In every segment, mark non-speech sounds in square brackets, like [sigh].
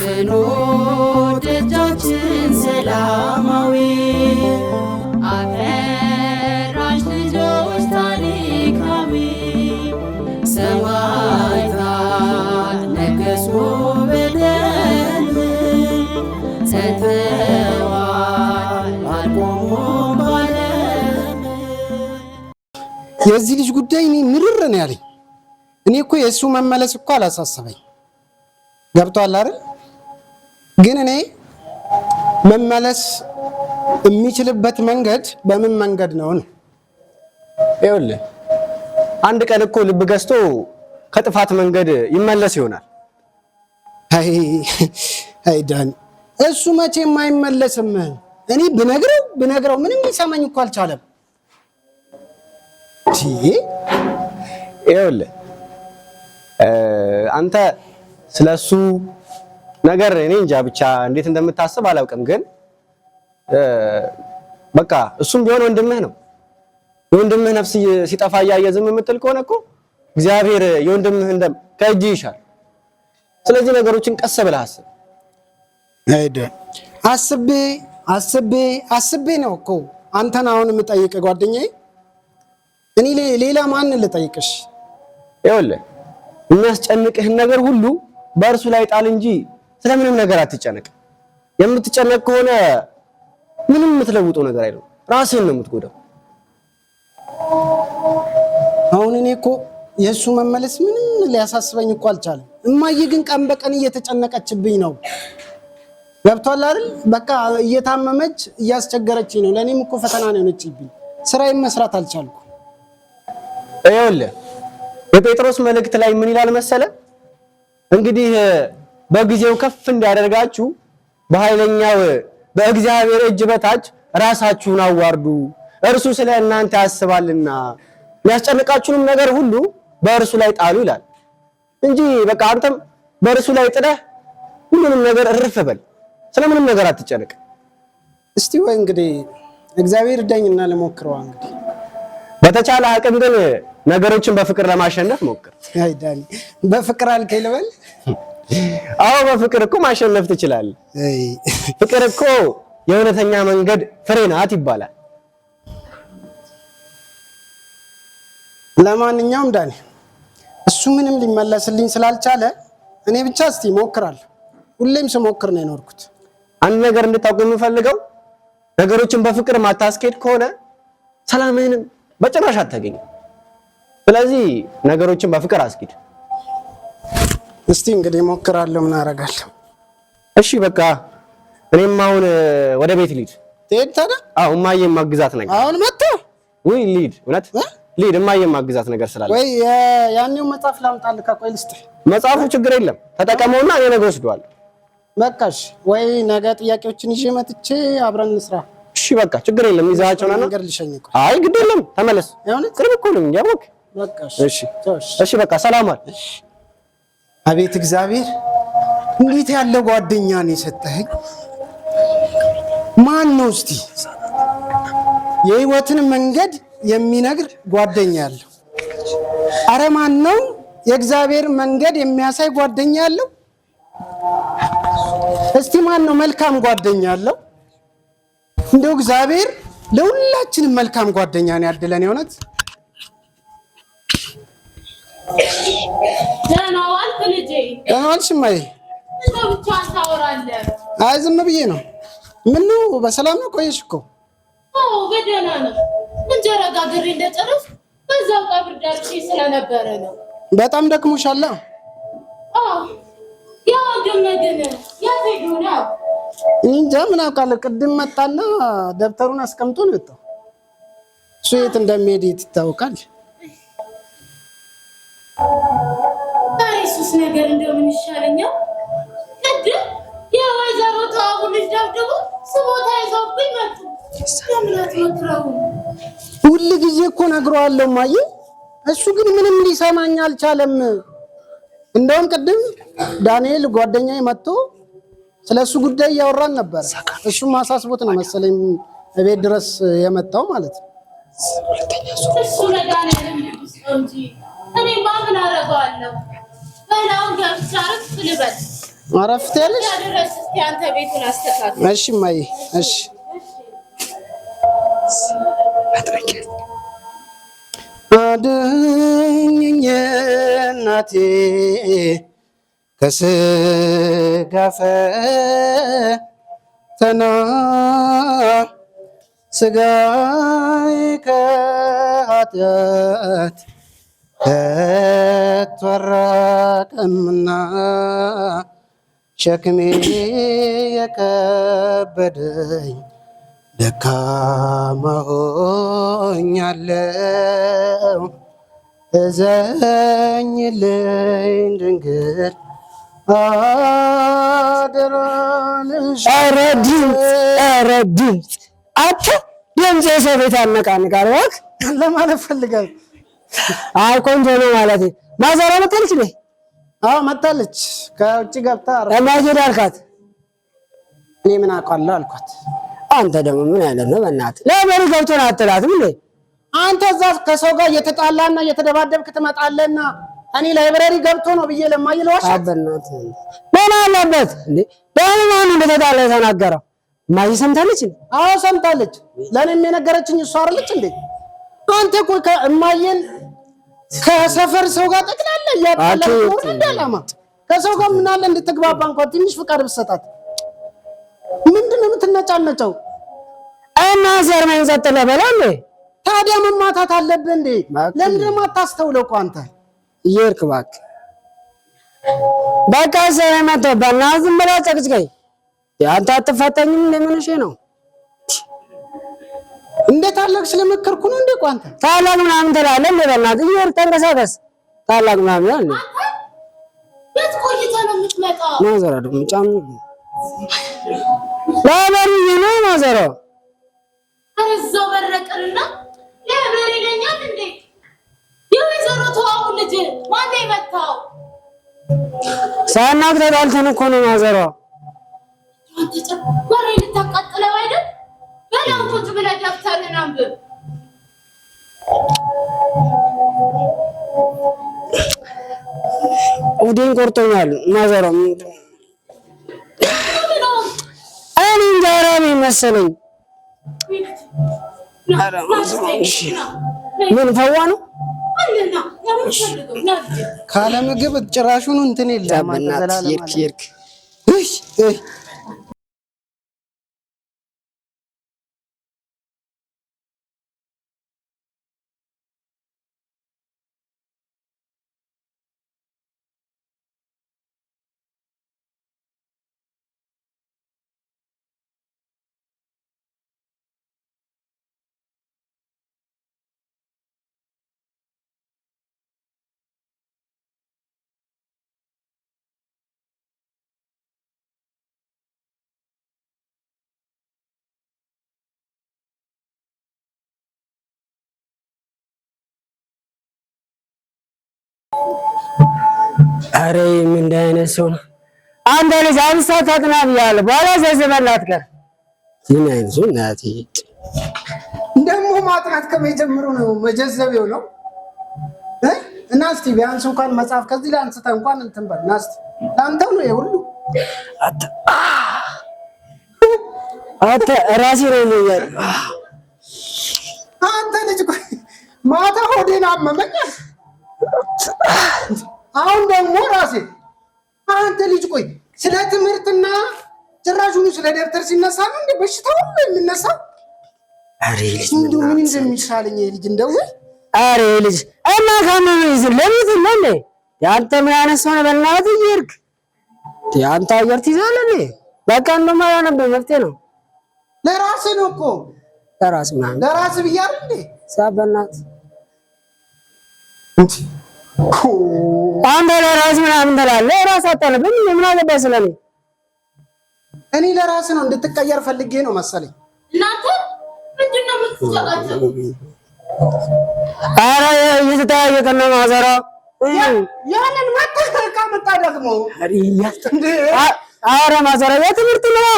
ፍኖ ደጃችን ሰላማዊ አፈራሽ ልጆች ታሪካዊ ሰማዕታት ነገሱ በደል ጸንተዋል የዚህ ልጅ ጉዳይ እኔ ምርር ነው ያለኝ። እኔ እኮ የእሱ መመለስ እኮ አላሳሰበኝ። ገብቷል አይደል? ግን እኔ መመለስ የሚችልበት መንገድ በምን መንገድ ነው ነው? ይኸውልህ አንድ ቀን እኮ ልብ ገዝቶ ከጥፋት መንገድ ይመለስ ይሆናል። አይ ዳን፣ እሱ መቼም አይመለስም። እኔ ብነግረው ብነግረው ምንም ሊሰማኝ እኮ አልቻለም። ይኸውልህ አንተ ስለሱ ነገር እኔ እንጃ ብቻ እንዴት እንደምታስብ አላውቅም። ግን በቃ እሱም ቢሆን ወንድምህ ነው። የወንድምህ ነፍስ ሲጠፋ እያየ ዝም የምትል ከሆነ እኮ እግዚአብሔር የወንድምህ እንደም ከእጅ ይሻል። ስለዚህ ነገሮችን ቀስ ብለህ አስብ። አስቤ አስቤ አስቤ ነው እኮ አንተን አሁን የምጠይቅ ጓደኛዬ። እኔ ሌላ ማን ልጠይቅሽ? ይኸውልህ የሚያስጨንቅህን ነገር ሁሉ በእርሱ ላይ ጣል እንጂ ስለምንም ነገር አትጨነቅ። የምትጨነቅ ከሆነ ምንም የምትለውጠው ነገር አይደለም፣ ራስህን ነው የምትጎዳው። አሁን እኔ እኮ የእሱ መመለስ ምንም ሊያሳስበኝ እኮ አልቻለም። እማዬ ግን ቀን በቀን እየተጨነቀችብኝ ነው። ገብቷል አይደል? በቃ እየታመመች እያስቸገረችኝ ነው። ለእኔም እኮ ፈተና ነው የሆነችብኝ። ስራዬን መስራት አልቻልኩ። ይኸውልህ በጴጥሮስ መልእክት ላይ ምን ይላል መሰለ እንግዲህ በጊዜው ከፍ እንዲያደርጋችሁ በኃይለኛው በእግዚአብሔር እጅ በታች ራሳችሁን አዋርዱ፣ እርሱ ስለ እናንተ ያስባልና የሚያስጨንቃችሁንም ነገር ሁሉ በእርሱ ላይ ጣሉ ይላል እንጂ በቃ አንተም በእርሱ ላይ ጥለህ ሁሉንም ነገር እርፍ በል፣ ስለምንም ነገር አትጨነቅ። እስቲ ወይ እንግዲህ እግዚአብሔር ዳኝና ልሞክረዋ። እንግዲህ በተቻለ አቅም ግን ነገሮችን በፍቅር ለማሸነፍ ሞክር። በፍቅር አልከኝ ልበል [laughs] አዎ በፍቅር እኮ ማሸነፍ ትችላለህ። ፍቅር እኮ የእውነተኛ መንገድ ፍሬ ናት ይባላል። ለማንኛውም ዳኒ እሱ ምንም ሊመለስልኝ ስላልቻለ እኔ ብቻ እስቲ ሞክራል። ሁሌም ስሞክር ነው የኖርኩት። አንድ ነገር እንድታውቁ የምፈልገው ነገሮችን በፍቅር ማታስኬድ ከሆነ ሰላምህንም በጭራሽ አታገኝም። ስለዚህ ነገሮችን በፍቅር አስኬድ። እስቲ እንግዲህ ሞክራለሁ። ምን አደርጋለሁ? እሺ በቃ እኔም አሁን ወደ ቤት ልሂድ። ትሄድ ታዲያ? አዎ እማዬም ማግዛት ነገር አሁን መጣ ወይ? ልሂድ፣ እውነት ልሂድ። እማዬም ማግዛት ነገር ስላለ ወይ ያኔው መጽሐፍ ላምጣልህ። ከቆይ ልስጥህ። መጽሐፉ ችግር የለም ተጠቀመውና እኔ ነገ ወስደዋለሁ። በቃ ወይ ነገ ጥያቄዎችን ይዤ መጥቼ አብረን እንስራ። እሺ በቃ ችግር የለም። ይዛቸውና ነገር ልሸኝ። አይ ግድ የለም ተመለስ። ቅርብ እኮ ነው እንጂ በቃ እሺ፣ እሺ በቃ ሰላም አለ። አቤት እግዚአብሔር እንዴት ያለ ጓደኛ ነው የሰጠኸኝ! ማን ነው እስቲ የህይወትን መንገድ የሚነግር ጓደኛ ያለው? አረ ማን ነው የእግዚአብሔር መንገድ የሚያሳይ ጓደኛ ያለው? እስቲ ማን ነው መልካም ጓደኛ ያለው? እንደው እግዚአብሔር ለሁላችንም መልካም ጓደኛ ነው ያድለን የእውነት ደህና ዋልሽ እማዬ? አይ ዝም ብዬ ነው። ምነው በሰላም ነው? ቆየሽ እኮ። በደህና ነው። እንጀራ ጋግሬ እንደጨረስኩ በዛው ቀብር ደርሼ ስለነበረ ነው። በጣም ደክሞሻል? ያው ወንድም ግን የት ሄዶ ነው? እንጃ ምን አውቃለሁ። ቅድም መጣና ደብተሩን አስቀምጦ ነው የወጣው። እሱ የት እንደሚሄድ የት ይታወቃል። ሱስ ነገር እንደምን ይሻለኛል? ቅድም የወይዘሮ ተዋቡ ልጅ ደብድቦ ስቦታ ይዘውብኝ መጡ። ለምናት መክረው ሁል ጊዜ እኮ ነግረዋለሁ ማየ፣ እሱ ግን ምንም ሊሰማኝ አልቻለም። እንደውም ቅድም ዳንኤል ጓደኛዬ መጥቶ ስለ እሱ ጉዳይ እያወራን ነበር። እሱም አሳስቦት ነው መሰለኝ እቤት ድረስ የመጣው ማለት ነው። ምን አደርገዋለሁ? በላውን ገብቻ አረፍ ልበል። አረፍ ትያለሽ? አንተ ቤቱን አስተካክል። እሺ እማዬ፣ እሺ አድኝኝ እናቴ ከስጋ ፈተና ስጋዬ ከኃጢአት ተራቀምና ሸክሜ የከበደኝ ደካማ ሆኛለሁ። እዘኝልኝ ድንግል ኧረ ድምፅ ኧረ ድምፅ ድምፅ የሰው ቤት አነቃንቃል። እባክህ ለማለት ፈልጋለሁ አይ ቆንጆ ነው ማለት ማዘራ መጣለች እንዴ? አዎ መጣለች። ከውጭ ገብታ እና ሄዳ አልካት። እኔ ምን አውቃለሁ አልኳት። አንተ ደግሞ ምን አይነት ነው በእናትህ? ለበሪ ገብቶ ነው አትላትም እንዴ? አንተ እዛ ከሰው ጋር እየተጣላና እየተደባደብክ ትመጣለህና እኔ ላይብረሪ ገብቶ ነው ብዬ ለማይለዋሽ አበናት ምን አለበት እንዴ? ዳኒ ማን እንደተጣለ የተናገረው ማይ ሰምታለች። አዎ ሰምታለች። ለእኔም የነገረችኝ እሷ አይደለች እንዴ? አንተ እኮ እማዬን ከሰፈር ሰው ጋር ጠቅላላ እያጠለሆን እንደ ዓላማ ከሰው ጋር ምን አለ እንድትግባባ እንኳን ትንሽ ፍቃድ ብሰጣት ምንድን የምትነጫነጨው? እና ዘር መንዘጥ ለበላል ታዲያ መማታት አለብህ እንዴ? ለምንድን ነው የማታስተውለው? እኮ አንተ እየሄድክ እባክህ በቃ ሰው የመጣው በእናትህ ዝም ብላ ጨቅጭቀኝ። አንተ አትፈተኝም እንደምንሽ ነው እንደ ታላቅ ስለመከርኩ ነው። እንደ ቋንተ ታላቅ ምናምን ትላለህ። በእናትህ ይወር ተንቀሳቀስ። ታላቅ ምናምን አለ ቤት ቆይታ ነው የምትመጣው። ማዘር አይደለም ጫም ለበሬ ነው ማዘር። ኧረ እዛው በረቀልና ለበሬ ይለኛል እንዴ! የወይዘሮ ተዋው ልጅ ማን ይመታው? ሳናክ ተጣልተን እኮ ነው ማዘሯ ያው ቁጭ ብለህ ደብተርህን አንብብ። ሆዴን ቆርጦኛል። ማዘረው እኔ እንጃ ራበኝ መሰለኝ። ምን ፈዋ ነው ካለ ምግብ ጭራሹን እንትን የለም። አረ ምን አይነት ሰው ነው? አንተ ልጅ አንሳ ሰዓት አጥና ብያለሁ። በኋላ ዘዘበላት ጋር ምን አይነት ሰው ናት? ደግሞ ማጥናት ከመጀመሩ ነው መጀዘቢው ነው። እና እስቲ ቢያንስ እንኳን መጽሐፍ ከዚህ ላይ አንስተህ እንኳን እንትን በል እና እስቲ ለአንተው ነው የሁሉ አንተ ራሴ ነው የሚያል አንተ ልጅ ማታ ሆዴን አመመኝ አሁን ደግሞ ራሴ አንተ ልጅ ቆይ ስለ ትምህርትና ጭራሹኑ ስለ ደብተር ሲነሳ ነው እንደ በሽታ ሁሉ የሚነሳ። አሬ ልጅ ምን እንደሚሻለኝ ልጅ እንደው አሬ ልጅ እና ከምን ይዝ ለምን ለለ ያንተ ምን ያነሳው ነው? በእናትህ ይርክ ያንተ አየር ትይዛለህ። በቃ እንደማ ያነበ መፍትሄ ነው። ለራስህ ነው እኮ ለራስህ ለራስህ ብያለሁ እንዴ ሳበናት እንዴ አንተ ለራስ ምናምን ትላለህ። ራስ አታነብም። ምን አገባህ ስለኔ? እኔ ለራስ ነው እንድትቀየር ፈልጌ ነው መሰለኝ። አረ ምንድን ነው የምትሰጣቸው? ኧረ እየተጠያየቅን ነው ማዘራ ያንን መጠቀቃ መጣ ደግሞ ማዘራ የትምህርት ነዋ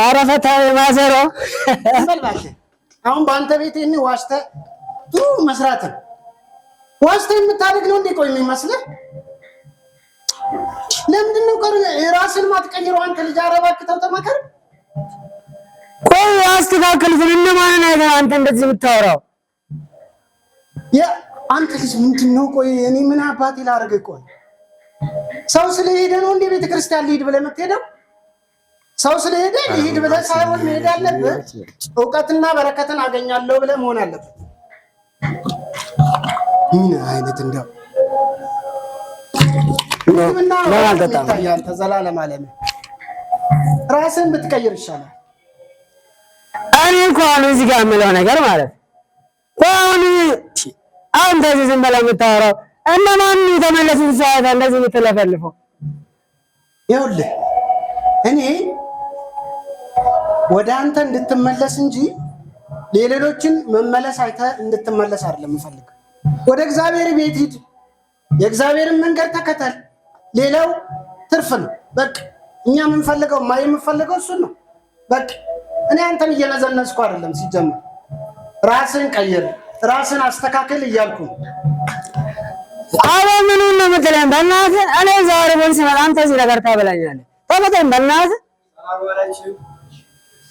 ኧረ ፈታ ማዘሮ አሁን በአንተ ቤት ይህን ዋሽተህ ጥሩ መስራትን ዋሽተህ ነው እንዴ? ቆይ የሚመስልህ ለምንድን ነው ቀር ራስን ማትቀይረው? አንተ ልጅ ተመከር። ቆይ አንተ እንደዚህ የምታወራው? አንተ ልጅ ምንድን ነው? ቆይ እኔ ምን አባቴ ቆይ ሰው ስለሄደ ነው እንዴ ቤተክርስቲያን ልሂድ ብለህ የምትሄደው? ሰው ስለሄደ ይሄድ ብለህ ሳይሆን መሄድ ያለብህ እውቀትና በረከትን አገኛለሁ ብለህ መሆን አለበት። ምን አይነት እንደው ይታያል። ተዘላለም አለም ራስን ብትቀይር ይሻላል። እኔ እንኳን እዚህ ጋር የምለው ነገር ማለት አሁን አንተ እዚህ ዝም ብለህ የምታወራው እነማን የተመለሱት ሰዓት እንደዚህ የምትለፈልፈው ይኸውልህ እኔ ወደ አንተ እንድትመለስ እንጂ ሌሎችን መመለስ አይተ እንድትመለስ አይደለም እምፈልግ። ወደ እግዚአብሔር ቤት ሂድ፣ የእግዚአብሔርን መንገድ ተከተል። ሌላው ትርፍ ነው። በቃ እኛ የምንፈልገው ማ የምንፈልገው እሱን ነው። በቃ እኔ አንተን እየነዘነዝኩ አይደለም። ሲጀመር ራስን ቀይር፣ ራስን አስተካክል እያልኩ ነው። አረ ምን ነው በእናትህ እኔ ዛሬ ወንስ በጣም ተዚህ ነገር ታበላኛለህ። ተፈተኝ በእናትህ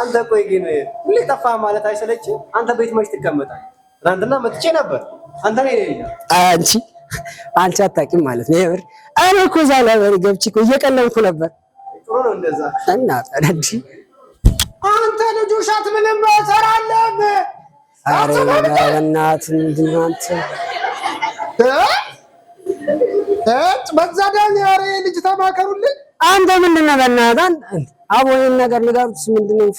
አንተ ቆይ ግን ሁሌ ጠፋ ማለት አይሰለችም? አንተ ቤት መች ትቀመጣል? ትናንትና መጥቼ ነበር። አንተ ላይ አንቺ አንቺ አታውቂም ማለት ነው። ይብር እኔ እኮ እዛ ነበር ገብቼ እኮ እየቀለምኩ ነበር። ጥሩ ነው እንደዛ እና ታዲያ አንተ ልጅ ውሻት ምንም ሰራለም። አረ በእናት ምንድን ነው እ በዛ ዳኛ ኧረ ልጅ ተማከሩልኝ። አንተ ምንድን ነው በእናትህ አቦይን ነገር ሊጋሩት ምንድነው?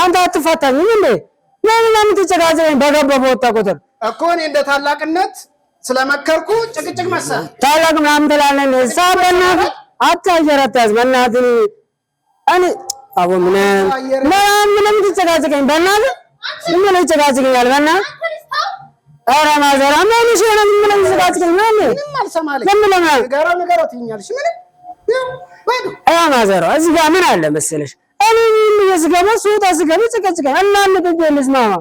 አንተ አትፋታኝም እንዴ? ለምን ለምን ትጨቃጨቀኝ? በገባ በወጣ ቁጥር እኮ እኔ እንደ ታላቅነት ስለመከርኩ ጭቅጭቅ መሰል ታላቅ ምናምን ትላለህ። እዛ በእናትህ አታየር አትያዝ። በእናትህ እኔ አቦ ምን ምንም ትጨቃጨቀኝ? በእናት ምን ይጨቃጭቀኛል? በእናትህ ኧረ ማዘር ምን የሆነ ምን ይጨቃጭቀኝ? ምንም አልሰማለኝ። ምን ለምን ገራ ነገር አትይኛልሽ ምንም አያ ማዘሯ እዚህ ጋር ምን አለ መሰለሽ፣ እኔ ምን እየስገበ ስገበ ጽቀጽቀ እናን ትገኝልስ ማማ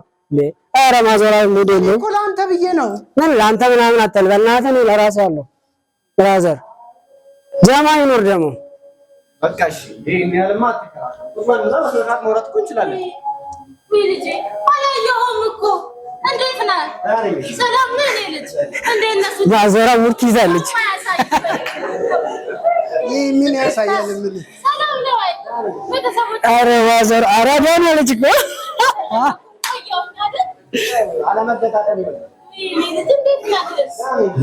ኧረ ማዘሯ ሙድ እኮ ለአንተ ብዬ ነው። ምን ለአንተ ምናምን አትልበል፣ በእናትህ እኔ ለራሴ አለው ብራዘር ጀማ ይኖር ደግሞ በቃ እሺ። ያልማ ቁማን ነው እኮ እንችላለን። ወይ ልጄ እኮ እንዴት ነህ? ሰላም ነህ? ልጅ እንዴት ነህ? ማዘሯ ሙድ ትይዛለች። ይህ ምን ያሳያል? ምን ኧረ ባዘር አራዳን አለች እኮ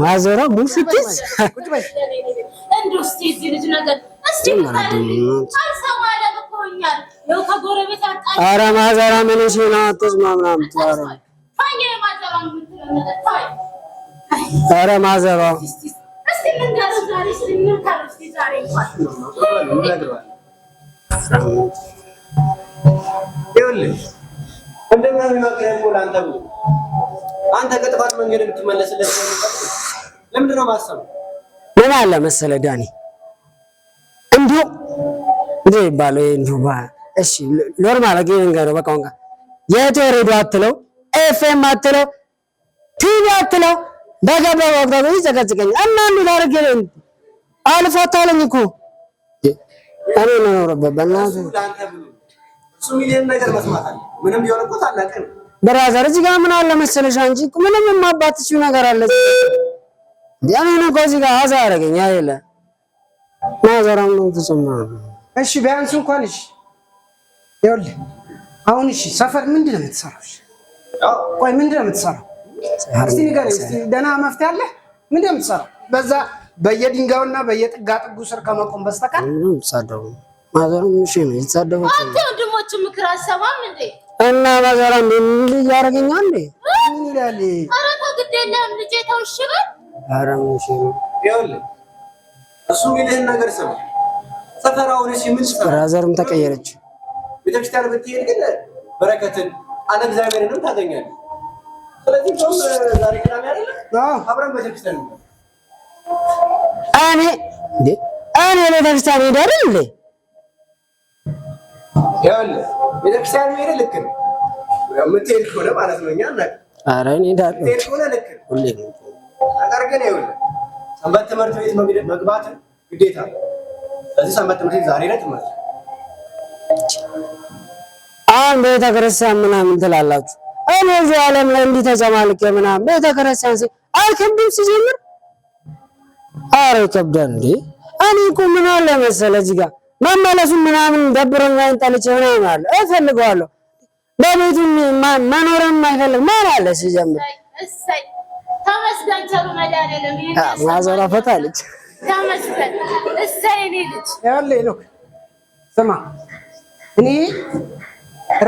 ማዘሯ ሙሉ ስትይዝ ኧረ ማዘሯ ምን እሺ ነው አትስማምናም። ኧረ ማዘሯ ምን አለ መሰለ ዳኒ፣ እንዲሁ እንደ ይባለው እንዲሁ እሺ፣ ኖርማል ነገር በቃ የቴሬዶ አትለው፣ ኤፍኤም አትለው፣ ቲቪ አትለው በገባ አቅራቢ ይዘጋዘገኛል እና ምን ላደርግ ነው? አልፋታለኝ እኮ እኔ የምኖርበት በእናትህ ብራዘር፣ እዚህ ጋር ምን አለ መሰለሽ አንቺ ምንም የማባትሽው ነገር አለ። እኔን ነው እዚህ ጋር አዛ ያደረገኝ አይደለ ማዘራም ነው ተሰማ። እሺ ቢያንስ እንኳን እሺ፣ ይኸውልህ አሁን እሺ፣ ሰፈር ምንድን ነው የምትሰራው? ቆይ ምንድን ነው የምትሰራው? እስቲ ንገረኝ ደህና መፍትሄ አለ? ምንድን ነው የምትሰራው? በዛ በየድንጋዩና በየጥጋ ጥጉ ስር ከመቆም በስተቀር ይጻደቡ ማዘራም እንዴ እና እንዴ ምን ይላል? ኧረ ተው ግድ የለህም ልጄ ተው እሺ በል። ኧረ ምን ይኸውልህ እሱ የሚልህን ነገር ስማ። ሰፈራውን እሺ ምን ሰፈራ ብራዘርም ተቀየረች። ቤተክርስቲያን ብትሄድ ግን በረከትን አለ እግዚአብሔርንም ታገኛለህ። እኔ እኔ ቤተክርስቲያን ሄደ ቤተክርስቲያን ሄደ ልክ ነው። የምትሄድ ከሆነ ማለት ነው። እኛ ሰንበት ትምህርት ቤት መግባት ግዴታ ነው። ስለዚህ ሰንበት ትምህርት ቤት ዛሬ ነው ትምህርት። አሁን ቤተክርስቲያን ምናምን ትላላችሁ እኔ እዚህ ዓለም ላይ እንዲህ ተጨማልቄ ምናምን ቤተክርስቲያን ሲ አይከብድም። ሲጀምር አረ ይከብዳል እንዴ! እኔ እኮ ምን አለ መሰለህ እዚህ ጋር መመለሱን ምናምን ደብሮኛል፣ ጠልቼ ምናምን አለ እፈልገዋለሁ። በቤቱ ማን አለ ሲጀምር ማዘራ ስማ እኔ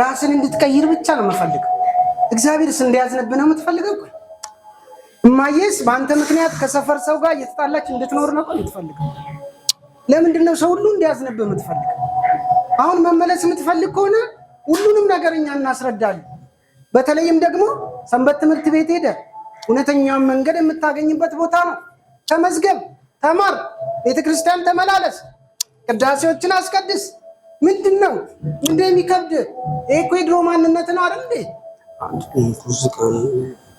ራስን እንድትቀይር ብቻ ነው የምፈልገው እግዚአብሔርስ እንዲያዝንብ ነው የምትፈልገው? እማዬስ በአንተ ምክንያት ከሰፈር ሰው ጋር እየተጣላች እንድትኖር ነው የምትፈልገው? ለምንድን ነው ሰው ሁሉ እንዲያዝንብ የምትፈልገው? አሁን መመለስ የምትፈልግ ከሆነ ሁሉንም ነገር እኛ እናስረዳለን። በተለይም ደግሞ ሰንበት ትምህርት ቤት ሄደ እውነተኛውን መንገድ የምታገኝበት ቦታ ነው። ተመዝገብ፣ ተማር፣ ቤተክርስቲያን ተመላለስ፣ ቅዳሴዎችን አስቀድስ። ምንድን ነው እንደ የሚከብድ ይሄ እኮ የድሮ ማንነት ነው አይደል?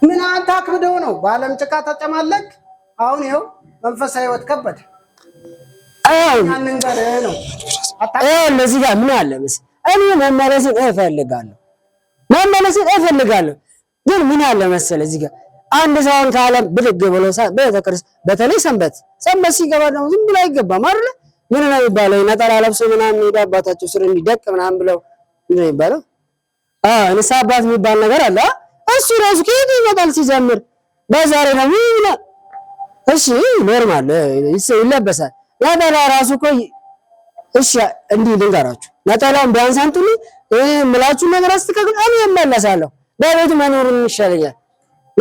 ምን አንተ አክብደው ነው በአለም ጭቃ ተጨማለቅ። አሁን ይኸው መንፈሳዊ ህይወት ከበደ። እነዚህ ጋር ምን አለ መሰለህ፣ እኔ መመለስን እፈልጋለሁ መመለስን እፈልጋለሁ። ግን ምን አለ መሰለህ፣ እዚህ ጋር አንድ ሰውን ከዓለም ብድግ ብሎ ቤተክርስቲያን፣ በተለይ ሰንበት ሰንበት ሲገባ ደግሞ ዝም ብሎ አይገባም አይደለ? ምን ነው የሚባለው? ነጠላ ለብሶ ምናምን ሄዶ አባታቸው ስር እንዲደቅ ምናምን ብለው ምንድን ነው የሚባለው? ንስሐ አባት የሚባል ነገር አለ። እሱ ራሱ ከየት ይመጣል ሲጀምር? በዛሬ ነው ይላ። እሺ ኖርማል ይለበሳል። ነጠላ ራሱ እኮ እሺ፣ እንዲህ ልንገራችሁ፣ ነጠላውን ቢያንስ አንቱን ምላችሁን ነገር አስተካክሉ፣ እኔ እመለሳለሁ። በቤት መኖሩን ይሻለኛል።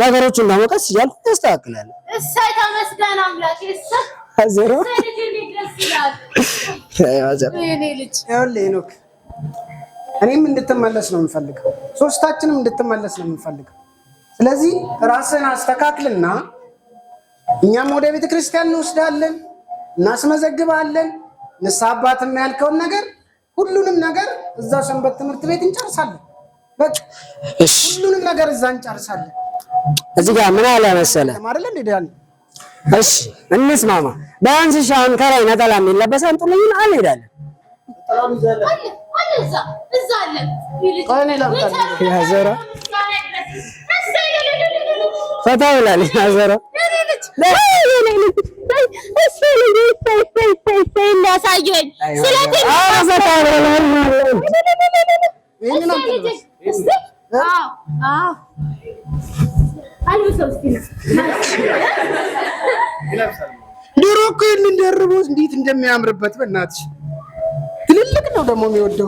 ነገሮችን ለመውቀስ እያልኩ ታስተካክላለህ። እሰይ ተመስገን አምላክ እሰይ አዘሮ እኔም እንድትመለስ ነው የምፈልገው። ሶስታችንም እንድትመለስ ነው የምንፈልገው። ስለዚህ ራስን አስተካክልና እኛም ወደ ቤተ ክርስቲያን እንወስዳለን፣ እናስመዘግባለን። ንስሐ አባት የሚያልከውን ነገር ሁሉንም ነገር እዛ ሰንበት ትምህርት ቤት እንጨርሳለን። በቃ ሁሉንም ነገር እዛ እንጨርሳለን። እዚህ ጋር ምን አለ መሰለ አይደለም ይዳል እሺ፣ እንስማማ። ቢያንስ አሁን ከላይ ነጠላ የሚለበሰን ጥሉኝን አልሄዳለን ፈታ ብላለች አዘራ ድሮ እኮ ይህንን ደርቦ እንዴት እንደሚያምርበት በእናትሽ ትልልቅ ነው ደግሞ የሚወደው